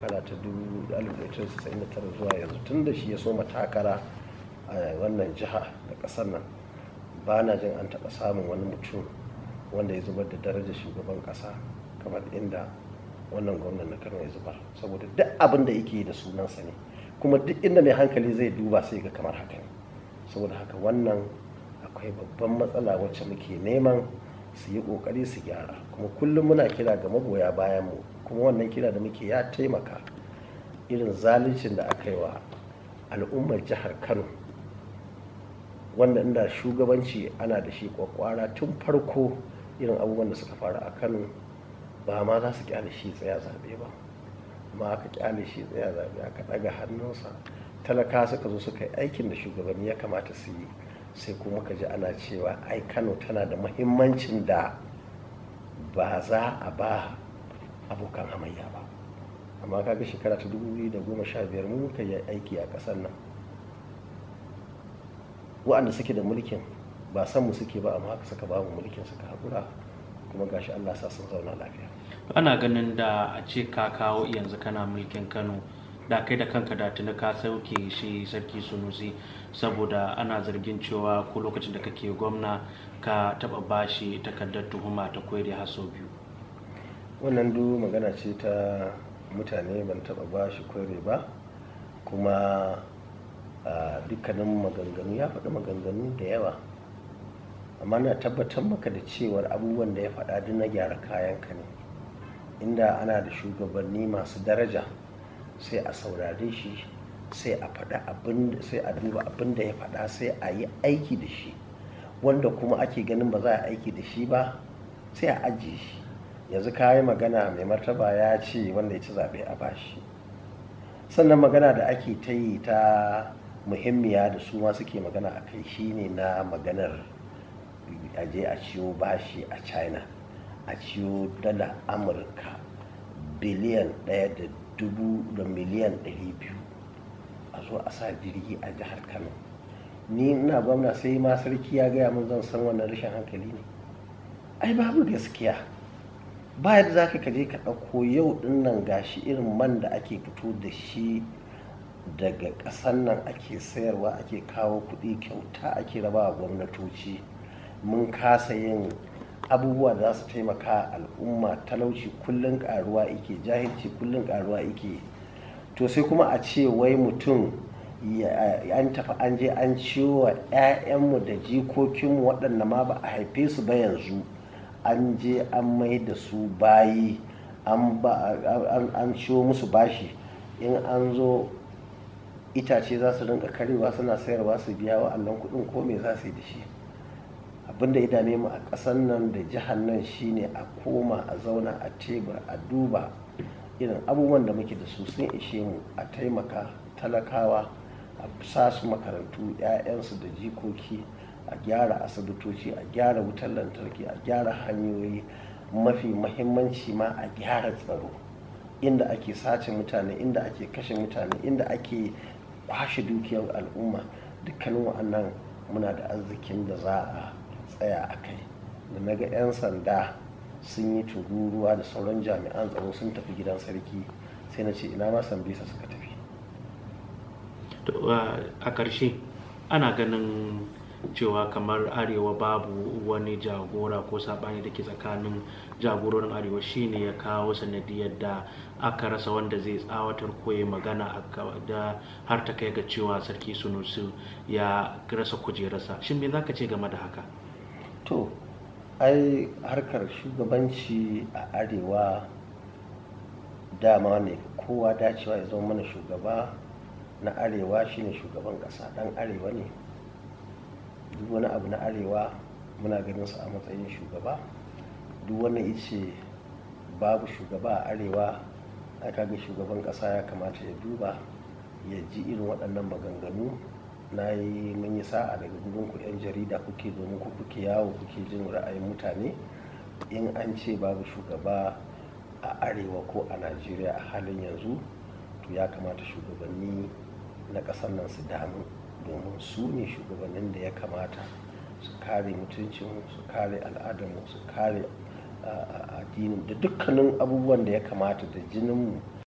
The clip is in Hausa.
shekara ta 1999 zuwa yanzu tun da shi ya soma takara a wannan jiha da ƙasar nan ba na jin an taɓa samun wani mutum wanda ya zubar da darajar shugaban ƙasa kamar inda wannan gwamnan na kano ya zubar saboda duk abin da yake da sunansa ne kuma duk inda mai hankali zai duba sai ga kamar haka ne saboda haka wannan akwai babban matsala wacce muke neman su yi ƙoƙari su gyara kuma kullum muna kira ga magoya bayan mu kuma wannan kira da muke ya taimaka irin zaluncin da aka yi wa al'ummar jihar kano wanda inda shugabanci ana da shi kwakwara tun farko irin abubuwan da suka faru a kano ba ma za su kyale shi tsaya zaɓe ba ma aka kyale shi tsaya zaɓe aka ɗaga hannunsa talaka suka zo suka yi aikin da shugabanni ya kamata su yi sai kuma ka ji ana cewa ai kano tana da mahimmancin da ba za a ba abokan hamayya ba amma kaga shekara ta 2015 mu muka yi aiki a ƙasar nan waɗanda suke da mulkin ba san mu suke ba amma haka suka ba mu mulkin suka haƙura kuma gashi Allah sa sun zauna lafiya ana ganin da a ce ka kawo yanzu kana mulkin Kano da kai da kanka da tuni ka sauke shi sarki sunusi saboda ana zargin cewa ko lokacin da kake gwamna ka taba bashi takardar tuhuma ta kwere haso biyu wannan duk magana ce ta mutane ban taba bashi kwere ba kuma dukkanin maganganu ya faɗi maganganu da yawa amma na tabbatar maka da cewar abubuwan da ya faɗa duk na gyara kayanka ne inda ana da shugabanni masu daraja sai a saurare shi sai a faɗa abin sai a duba abin da ya faɗa sai a yi aiki da shi wanda kuma ake ganin ba za a aiki da shi ba sai a ajiye shi yanzu ka magana mai martaba ya ce wanda ya ci zaɓe a bashi sannan magana da ake ta yi ta muhimmiya da su ma suke magana a kai shine na maganar aje a ciyo bashi a china a ciwo dala amurka biliyan ɗaya da dubu da miliyan ɗari biyu a zo a sa jirgi a jihar kano ni ina gwamna sai ma sarki ya gaya mun zan san wannan rashin hankali ne ai babu gaskiya ba yadda za ka kaje ka ɗauko yau ɗin nan gashi irin man da ake fito da shi daga ƙasan nan ake sayarwa ake kawo kuɗi kyauta ake rabawa gwamnatoci mun kasa yin abubuwa da za su taimaka al'umma talauci kullum karuwa ike jahilci kullum karuwa ike to sai kuma a ce wai mutum an tafi an je an ciwo wa 'ya'yanmu da jikokinmu waɗanda ma ba a haife su ba yanzu an je an mai da su bayi an ciwo musu bashi in an zo itace za su rinka karewa suna sayarwa su biya wa allon kuɗin ko me za su yi da shi abin da ya dame mu a ƙasar nan da jihar nan shine a koma a zauna a tebur a duba irin abubuwan da muke da su sun ishe mu a taimaka talakawa a sa su makarantu 'ya'yansu da jikoki a gyara asibitoci a gyara wutar lantarki a gyara hanyoyi mafi mahimmanci ma a gyara tsaro inda ake sace mutane inda ake kashe mutane inda ake kwashe dukiyar al'umma dukkanin wa'annan muna da arzikin da za a tsaya a kai da naga 'yan sanda sun yi tururuwa da sauran jami'an tsaro sun tafi gidan sarki sai na ce ina ma bisa suka tafi a ƙarshe ana ganin cewa kamar arewa babu wani jagora ko sabani da ke tsakanin jagororin arewa shine ya kawo sanadiyar da aka rasa wanda zai tsawatar ko ya magana da har ta kai ga cewa sarki sunusu ya rasa kujerarsa shin me za ka ce game da haka to ai harkar shugabanci a arewa dama ne kowa dacewa ya zama mana shugaba na arewa shine shugaban kasa ɗan arewa ne duk wani abu na arewa muna ganin su a matsayin shugaba duk wani ice babu shugaba a arewa a kaga shugaban kasa ya kamata ya duba ya ji irin waɗannan maganganu na yi mun yi sa'a daga gurin ku 'yan jarida kuke domin ku kuke yawo kuke jin ra'ayin mutane in an ce babu shugaba a arewa ko a najeriya a halin yanzu to ya kamata shugabanni na ƙasar nan su damu domin su ne shugabannin da ya kamata su kare mutuncin su kare al'adarmu su kare addinin da dukkanin abubuwan da ya kamata da jininmu